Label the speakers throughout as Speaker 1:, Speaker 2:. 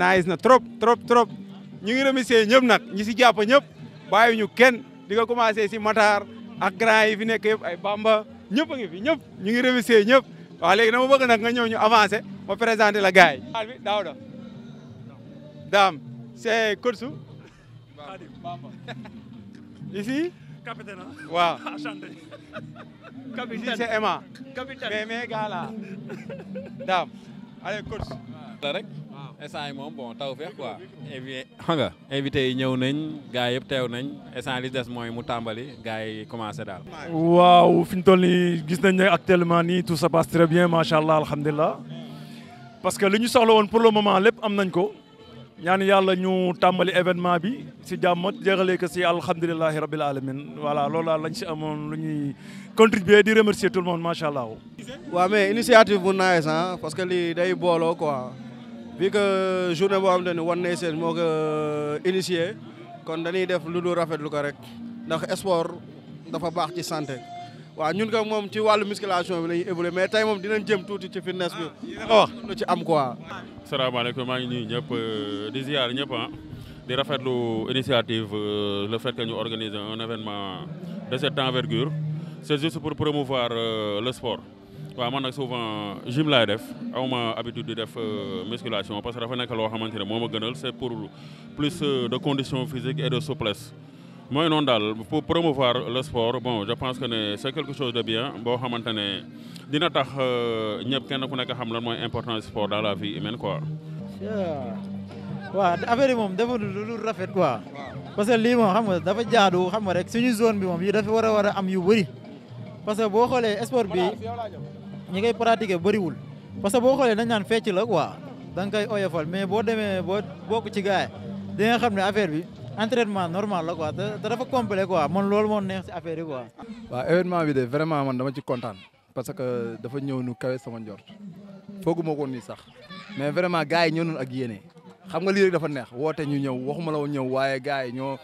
Speaker 1: nice na trop trop trop ñu ngi remercier ñëpp nag ñi si jàpp ñëpp bàyyi ñu kenn di nga commencé si Matar ak grand yi fi nekk ay Bamba ñëpp a ngi fi ñëpp ñu ngi remercier ñëpp waaw léegi dama bëgg nag nga ñëw ñu avancé ma présenté la gars yi. bi daaw da daam c'est Kotsu. Bamba ici. capitaine waaw capitaine c'est daam allez Kotsu. instant yi moom bon taw feex quoi. xam nga invité yi ñëw nañ gars yëpp teew nañ instant li des mooy mu tàmbali gars yi commencé daal. waaw fi ñu gis nañ ne actuellement nii tout se passe très bien macha allah alhamdulilah. parce que li ñu soxla woon pour la moment lépp am nañ ko. ñaan yàlla ñu tàmbali événement bi si jàmm jeexalee ko si alhamdulilahi rabil alamin voilà loolu daal lañ si amoon lu ñuy contribuer di remercier tout le monde macha allah. waaw mais initiative bu bi que journée boo am te ne One seen moo ko euh, initié kon dañuy def lu dul rafetlu ko rek ndax sport dafa baax ci santé waaw ñun ko moom ci wàllu musculation bi la ñuy mais tey moom dinañ jëm tuuti ci fitness bi. nga ci am quoi. salaamaaleykum maa ngi nuyu ñëpp euh, di ziar ñëpp ah di rafetlu initiative euh, le fait que ñu organiser un événement de en envergure c'est juste pour promouvoir le sport. waaw man nag souvent gym def a ma habitude di def euh, musculation parce que dafa nekk loo xamante ne moo ma gënal c'est pour plus euh, de condition physique et de souplesse. mooy noonu daal pour promouvoir le sport bon je pense que ne c'est quelque chose de bien boo xamante ne dina tax euh, ñëpp kenn ku nekk xam lan mooy importance sport dans la vie humaine quoi. waaw affaire moom dafa lu rafet quoi. parce que li moom xam nga dafa jaadu xam nga rek suñu zone bi moom yi dafa war a war a am yu bëri parce que boo xoolee sport bi. ñi koy pratiquer bëriwul parce que boo xoolee dañ naan fecc la quoi da nga koy oyofal mais boo demee boo bokk ci gaay di nga xam ne affaire bi entraînement normal la quoi te dafa complet quoi man loolu moo neex si affaire yi quoi. waa événement bi de vraiment man dama ci kontaan parce que dafa ñëw nu kawe sama njort foogu ma ko woon nii sax mais vraiment gars yi ñëw nañu ak yéene xam nga lii dafa neex woote ñu ñëw waxuma la woon ñëw waaye gars yi ñoo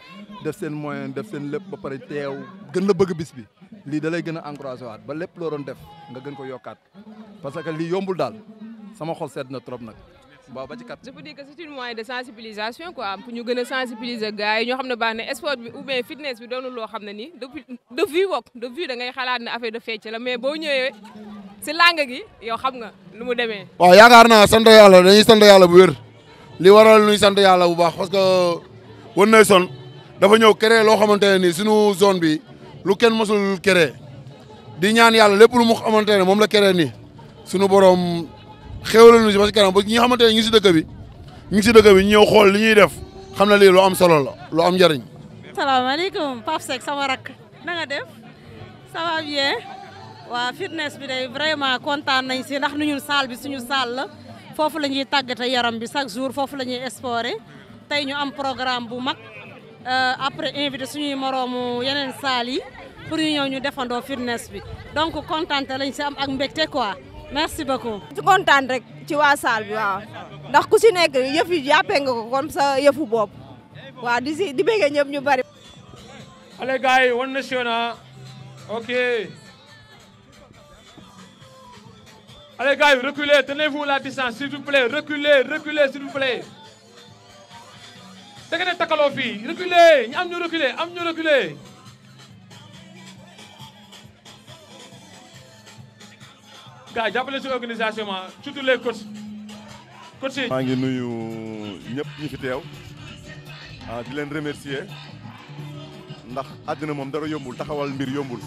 Speaker 1: def seen moyen def seen lépp ba pare teew gën la bëgg bis bi. lii da lay gën a encouragé waat ba lépp loo doon def nga gën ko yokkaat parce que lii yombul daal sama xol sedd na trop nag. ba ci kat. je peux dire que c'est de sensibilisation quoi pour ñu gën a sensibiliser gars xam ne baax na sport bi ou bien fitness bi doonul loo xam ne nii depuis de vue wok da ngay xalaat ne affaire de fecc la mais boo ñëwee si làng gi yow xam nga nu mu demee. waaw yaakaar naa sant yàlla dañuy sant yàlla bu wér li waral ñuy sant yàlla bu baax parce lu kenn mosul kere di ñaan yàlla lépp lu mu xamante ne moom la kere nii suñu borom xéwalal ñu si parce que kanam ba ñi xamante ne ñu si dëkk bi ñu si dëkk bi ñëw xool li ñuy def xam na lii loo am solo la lu am njëriñ. salaamaaleykum Pape Seck sama rakk na nga def ça bien waa fitness bi day vraiment kontaan nañ si ndax nu ñun saal bi suñu salle la foofu la ñuy tàggate yaram bi chaque jour foofu la ñuy exporé tey ñu am programme bu mag. Euh, après invité suñuy moroomu yeneen saal yi pour ñu ñëw defandoo fitness bi donc kontaante lañ si am ak mbégte quoi merci beaucoup. ci kontaan rek ci waa saal bi waaw ndax ku si nekk yëf yi jàppee nga ko comme sa yëfu bopp waaw di si di ñu bari. allez gars yi One Nation ah. ok. allez gars yi reculez la distance s'il vous plaît reculez reculez s'il te nga ne takkaloo fii reculer ñu am ñu reculer am ñu reculer gars jàppale si organisation ma surtout les coachs coachs yi maa ngi nuyu ñëpp ñi fi teew ah di leen remercier ndax àddina moom dara yombul taxawal mbir yombul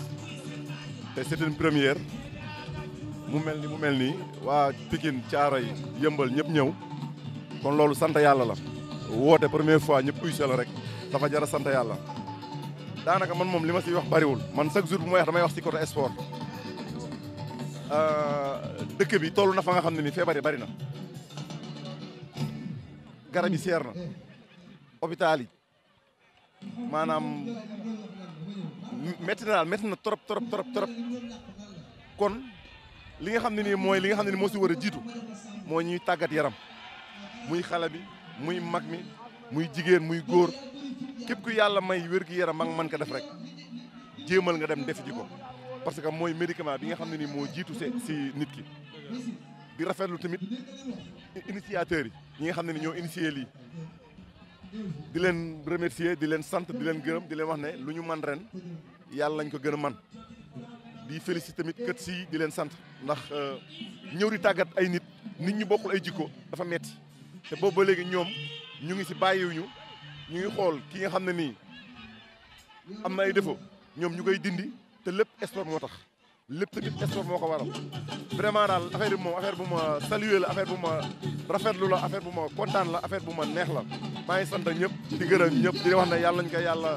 Speaker 1: te c'est une première mu mel ni mu mel ni waa Pikine Thiaroye Yeumbeul ñëpp ñëw kon loolu sant yàlla la woote première fois ñëpp uy la rek dafa jar a sant yàlla daanaka man moom li ma si wax bariwul man chaque jour bu mooy wax damay wax si côté sport euh, dëkk bi toll na fa nga xam ne ni feebar yi bari na garab seer na hôpital yi maanaam métti na daal métti na trop trop trop kon li nga xam ne nii mooy li nga xam ne nii moo si war a jiitu moo ñuy tàggat yaram muy xale bi muy mag mi muy jigéen muy góor képp ku yàlla may wér gu yaram man man mën ko def rek jéemal nga dem def ji ko parce que mooy médicament bi nga xam ne nii moo jiitu se si nit ki di rafetlu tamit initiateurs yi ñi nga xam ne ni ñoo initié lii di leen remercier di leen sant di leen gërëm di leen wax ne lu ñu man ren yàlla lañ ko gën a man di féliciter tamit kët si di leen sant ndax euh, ñëw di tàggat ay nit nit ñu bokkul ay jikko dafa metti te boobu ba léegi ñoom ñu ngi si bàyyiwuñu ñu ngi xool ki nga xam ne nii am na ay défaut ñoom ñu koy dindi te lépp sport moo tax lépp tamit sport moo ko waral vraiment daal affaire bi moom affaire bu ma saluer la affaire bu ma rafetlu la affaire bu ma kontaan la affaire bu ma neex la maa ngi sant ñëpp di gërëm ñëpp di wax na yàlla ñu ko yàlla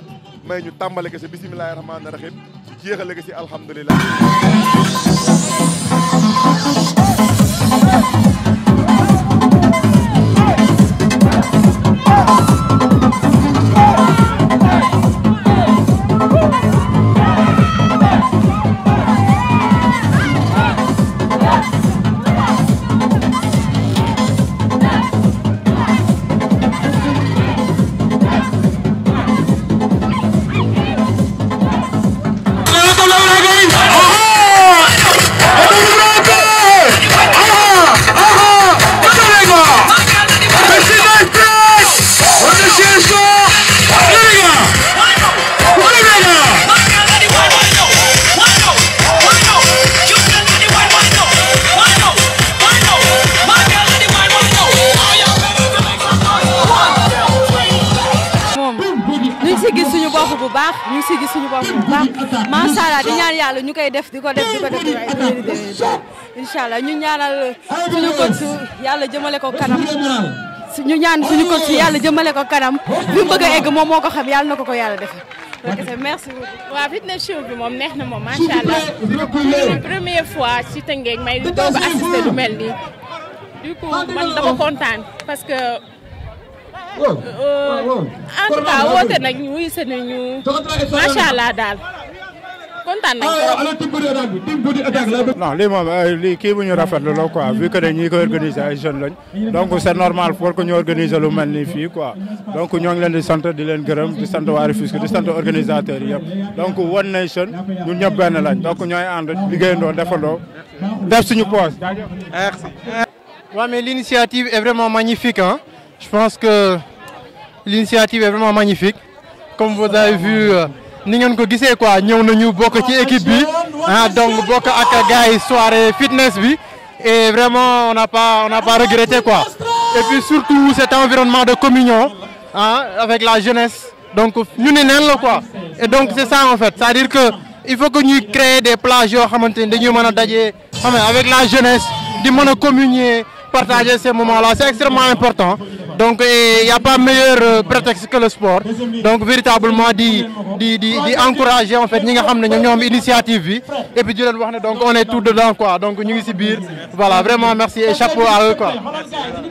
Speaker 1: may ñu tàmbale ko si bisimilahi rahmaani rahim jeexale ko si alhamdulilah baax ñu ngi siy gis suñu bopp bu baax macha allah di ñaan yàlla ñu koy def di ko def di ko def ay incha allah ñu ñaanal suñu coach yàlla jëmale ko kanam ñu ñaan suñu coach yàlla jëmale ko kanam bi mu bëgg a egg moom moo ko xam yàlla na ko ko yàlla defal. merci beaucoup waaw fitness show bi moom neex na moom macha allah première fois ci Tëngéej may doog a assisté lu mel nii du coup man dama kontaan parce que. Euh, en
Speaker 2: tout cas woote nag
Speaker 1: ñu ni se nañu allah daal kontaan nañu. non lii moom euh, lii kii bu ñu rafetlu la quoi vu que ñi ko organiser ay jeunes lañ donc c' est normal pour que ñu organiser lu mel nii fii quoi donc ñoo ngi leen di sant di leen gërëm di sant waa Rufisque di sant organisateurs yi yëpp donc One Nation ñun ñëpp benn lañ donc ñooy ànd liggéeyandoo defandoo def suñu poche. merci. waaw mais l' initiative vraiment magnifique Je pense que l'initiative est vraiment magnifique. Comme vous avez vu, euh, ni ngeen ko gisee quoi ñëw nañu bokk ci équipe bi ah donc bokk ak gars yi fitness bi et vraiment on n'a pas on n'a pas regretté quoi et puis surtout cet environnement de communion avec la jeunesse donc ñu ne neen la quoi et donc c'est ça en fait c'est-à-dire que il faut que ñuy créer des plages yo xamante ni dañuy mën a daje xam avec la jeunesse di mën a partager ces moments-là, c'est extrêmement important. Donc il n'y a pas meilleur euh, prétexte que le sport. Donc véritablement di di di di encourager en fait ñi nga xam ne ñoom initiative bi et puis di leen wax ne donc on est tout dedans quoi donc ñu ngi ci biir voilà vraiment merci et chapeau à eux quoi.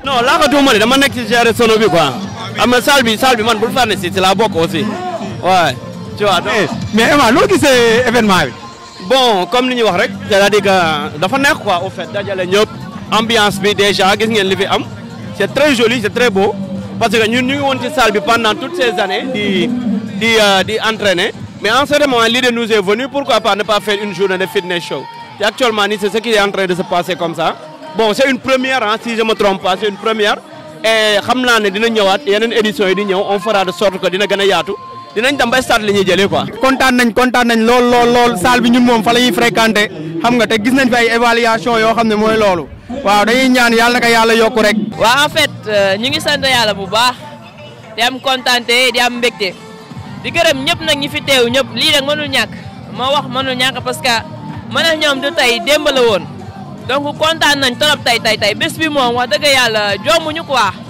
Speaker 1: non laaxatuma ne dama nekk ci gérer sono bi quoi am ah, na salle bi salle bi man bul fànn ci ci laa bokk aussi waaw. tu vois donc mais Emma loo événement bi. bon comme ni ñu wax rek cest dafa neex quoi au fait ñëpp. ambiance bi déjà gis ngeen li fi am c' est très joli c' très beau parce que ñun ñu ngi woon ci salle bi pendant toutes ces années di di euh, di entraîner mais en ce moment l'idée nous est venue pourquoi pas ne pas faire une journée de fitness show et actuellement nii c' ce qui est en de se passer comme ça bon c' une première hein, si trompe pas c' est naa ne dina ñëwaat yeneen éditions yi di ñëw on fera de sorte que dina gën a yaatu dinañ dem ba stade li ñuy jëlee quoi. kontaan nañ kontaan nañ lool lool lool salle moom fa la ñuy fréquenter nga te gis nañ fi yoo xam ne mooy loolu. waaw dañuy ñaan yàlla na ko yàlla yokku rek. waa en fait euh, ñu ngi sant yàlla bu baax di am kontaante di am mbégte di gërëm ñëpp nag ñi fi teew ñëpp lii nag mënul ñàkk ma wax mënul ñàkk parce que man ak ñoom du tey démb woon donc kontaan nañ trop tey tey tey bés bi moom wax dëgg yàlla jombuñu quoi.